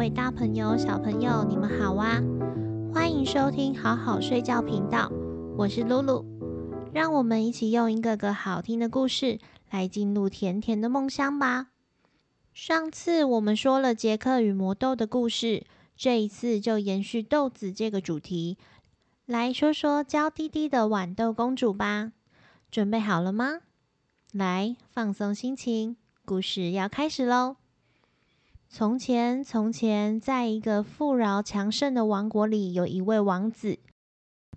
各位大朋友、小朋友，你們好啊！歡迎收聽好好睡覺頻道，我是露露。讓我們一起用一個個好聽的故事來進入甜甜的夢鄉吧。上次我們說了《傑克與魔豆》的故事，這一次就延續豆子這個主題，來說說嬌滴滴的豌豆公主吧。準備好了嗎？來放鬆心情，故事要開始嘍！從前，從前，在一個富饒強盛的王國裡，有一位王子。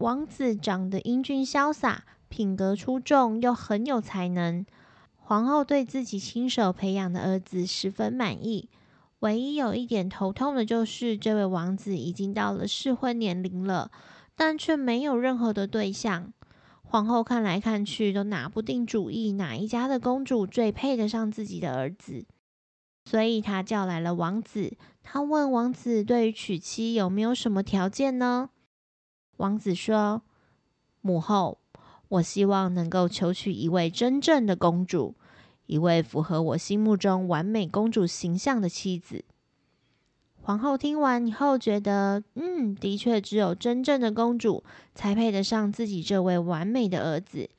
王子長得英俊瀟灑，品格出眾，又很有才能。皇後對自己親手培養的兒子十分滿意。唯一有一點頭痛的就是，這位王子已經到了適婚年齡了，但卻沒有任何的對象。皇後看來看去都拿不定主意，哪一家的公主最配得上自己的兒子。所以，他叫來了王子。他問王子：“對於娶妻有沒有什麼條件呢？”王子說：“母後，我希望能夠求娶一位真正的公主，一位符合我心目中完美公主形象的妻子。”皇后聽完以後，覺得：“嗯，的確，只有真正的公主才配得上自己這位完美的兒子。”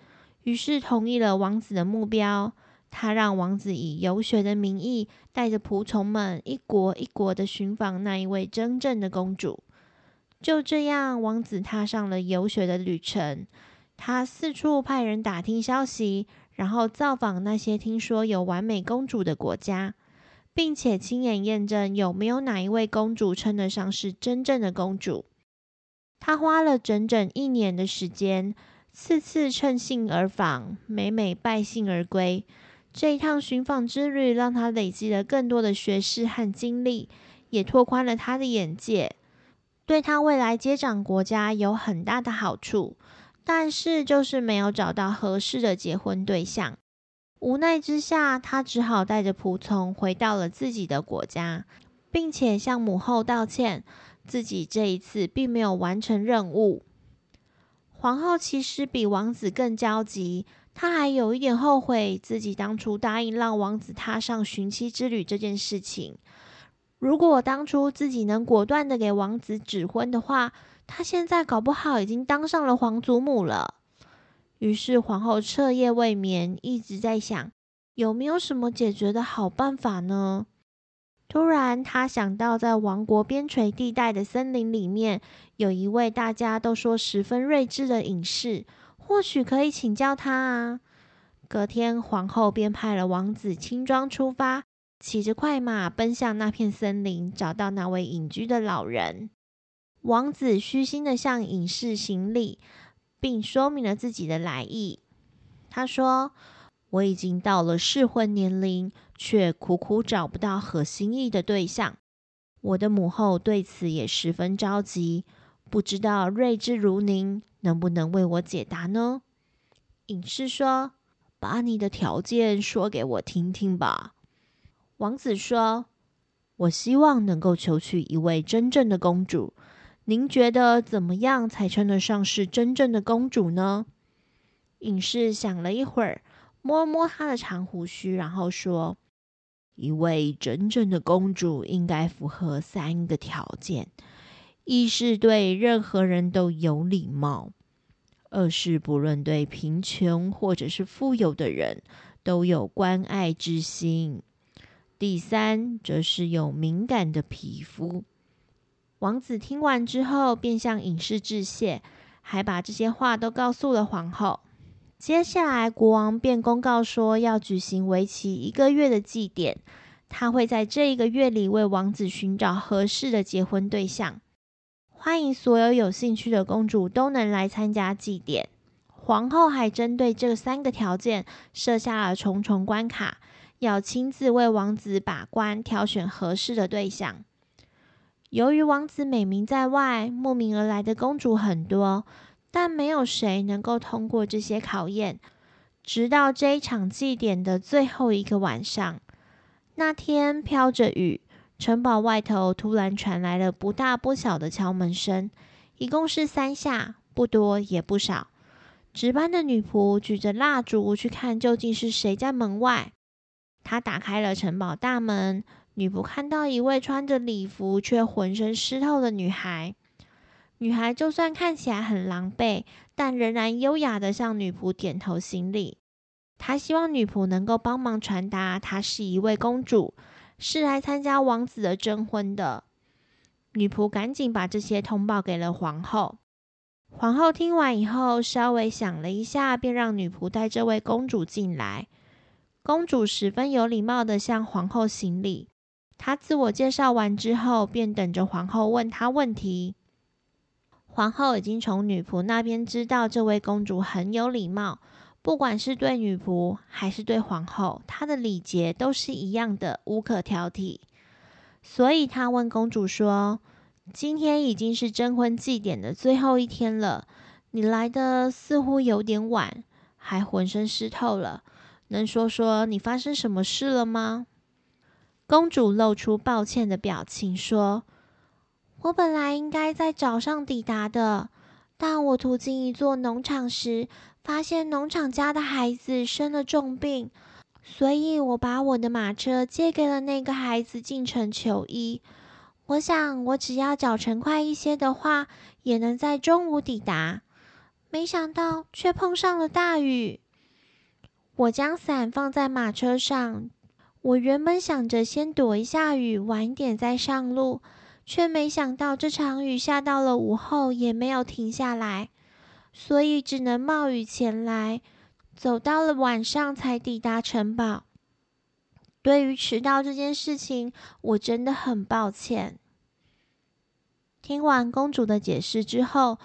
於是，同意了王子的目標。他讓王子以遊學的名義，帶着僕從們一國一國地尋訪那一位真正的公主。就這樣，王子踏上了遊學的旅程。他四處派人打聽消息，然後造訪那些聽說有完美公主的國家，並且親眼驗證有沒有哪一位公主稱得上是真正的公主。他花了整整一年的時間，次次乘興而訪，每每敗興而歸。這一趟尋訪之旅讓他累積了更多的學識和經歷，也拓寬了他的眼界，對他未來接掌國家有很大的好處。但是，就是沒有找到合適的結婚對象，無奈之下，他只好帶着僕從回到了自己的國家，並且向母後道歉，自己這一次並沒有完成任務。皇後其實比王子更焦急。他還有一點後悔自己當初答應讓王子踏上尋妻之旅這件事情。如果當初自己能果斷的給王子指婚的話，他現在搞不好已經當上了皇祖母了。於是皇后徹夜未眠，一直在想有沒有什麼解決的好辦法呢？突然，她想到在王國邊陲地帶的森林裡面，有一位大家都說十分睿智的隱士。或許可以請教他啊。隔天，皇后便派了王子輕裝出發，騎着快馬奔向那片森林，找到那位隱居的老人。王子虛心的向隱士行禮，並說明了自己的來意。他說：“我已經到了適婚年齡，卻苦苦找不到合心意的對象。我的母後對此也十分着急，不知道睿智如您。”能不能為我解答呢？隱士說：“把你的條件說給我聽聽吧。”王子說：“我希望能夠求娶一位真正的公主。您覺得怎麼樣才稱得上是真正的公主呢？”隱士想了一會兒，摸了摸他的長鬍鬚，然後說：“一位真正的公主應該符合三個條件。”一是對任何人都有禮貌，二是不論對貧窮或者是富有的人都有關愛之心，第三則是有敏感的皮膚。王子聽完之後便向隱士致謝，還把這些話都告訴了皇後。接下來，國王便公告說要舉行為期一個月的祭典，他會在這一個月裡為王子尋找合適的結婚對象。歡迎所有有興趣的公主都能來參加祭典。皇後還針對這三個條件設下了重重關卡，要親自為王子把關，挑選合適的對象。由於王子美名在外，慕名而來的公主很多，但沒有誰能夠通過這些考驗，直到這一場祭典的最後一個晚上，那天飄着雨。城堡外頭突然傳來了不大不小的敲門聲，一共是三下，不多也不少。值班的女僕舉着蠟燭去看究竟是誰在門外。她打開了城堡大門，女僕看到一位穿着禮服卻渾身濕透的女孩。女孩就算看起來很狼狽，但仍然優雅的向女僕點頭行禮。她希望女僕能夠幫忙傳達她是一位公主。是來參加王子的徵婚的。女僕趕緊把這些通報給了皇後。皇后聽完以後，稍微想了一下，便讓女僕帶這位公主進來。公主十分有禮貌地向皇后行禮。她自我介紹完之後，便等着皇后問她問題。皇后已經從女僕那邊知道這位公主很有禮貌。不管是對女僕還是對皇後，她的禮節都是一樣的，無可挑剔。所以，她問公主說：“今天已經是徵婚祭典的最後一天了，你來得似乎有點晚，還渾身濕透了，能說說你發生什麼事了嗎？”公主露出抱歉的表情說：“我本來應該在早上抵達的，但我途經一座農場時。”發現農場家的孩子生了重病，所以我把我的馬車借給了那個孩子進城求醫。我想，我只要腳程快一些的話，也能在中午抵達。沒想到卻碰上了大雨。我將傘放在馬車上。我原本想着先躲一下雨，晚點再上路，卻沒想到這場雨下到了午後也沒有停下來。所以只能冒雨前來，走到了晚上才抵達城堡。對於遲到這件事情，我真的很抱歉。聽完公主的解釋之後，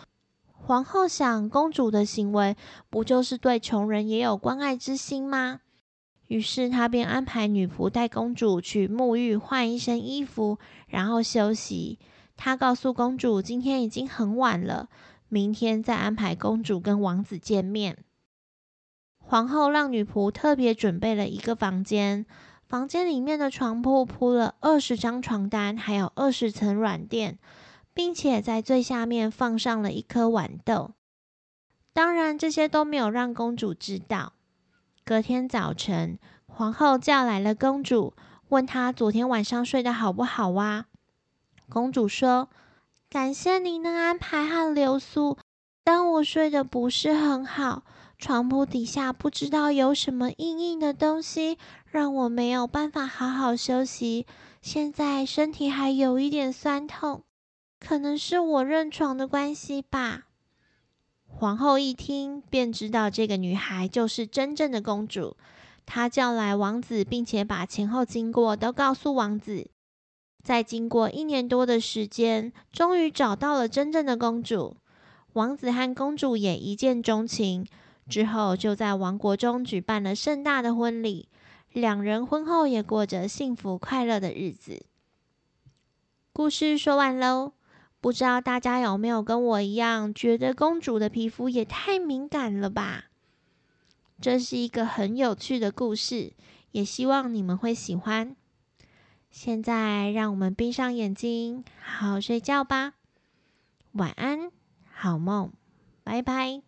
皇后想，公主的行為不就是對窮人也有關愛之心嗎？於是她便安排女僕帶公主去沐浴，換一身衣服，然後休息。她告訴公主，今天已經很晚了。明天再安排公主跟王子見面。皇后讓女僕特別準備了一個房間，房間裡面的床鋪鋪了二十張床單，還有二十層軟墊，並且在最下面放上了一顆豌豆。當然，這些都沒有讓公主知道。隔天早晨，皇后叫來了公主，問她昨天晚上睡得好不好哇、啊？公主說，感謝您的安排和留宿，但我睡得不是很好，床鋪底下不知道有什麼硬硬的東西，讓我沒有辦法好好休息。現在身體還有一點痠痛，可能是我認床的關係吧。皇後一聽便知道這個女孩就是真正的公主，她叫來王子，並且把前後經過都告訴王子。在經過一年多的時間，終於找到了真正的公主。王子和公主也一見鍾情，之後就在王國中舉辦了盛大的婚禮。兩人婚後也過着幸福快樂的日子。故事說完嘍，不知道大家有沒有跟我一樣覺得公主的皮膚也太敏感了吧？這是一個很有趣的故事，也希望你們會喜歡。現在讓我們閉上眼睛，好好睡覺吧。晚安，好夢，拜拜。